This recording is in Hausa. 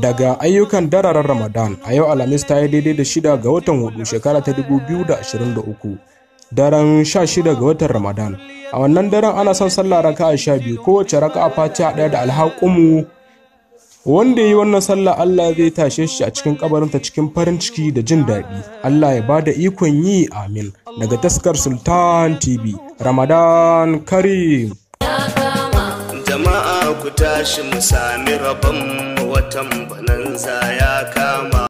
daga ayyukan dararen Ramadan a yau Alhamis ta yi daidai da shida ga watan hudu shekara ta 2023 daren 16 ga watan Ramadan. A wannan daren ana son sallah raka'a sha biyu kowace raka'a fatiha ɗaya da alhaƙumu wanda ya yi wannan sallah Allah zai tashe shi a cikin kabarinta cikin farin ciki da jin daɗi. Allah ya bada ikon yi amin daga taskar Sultan TV Ramadan Karim. Jama'a ku tashi mu sami rabon mu watan bananza ya kama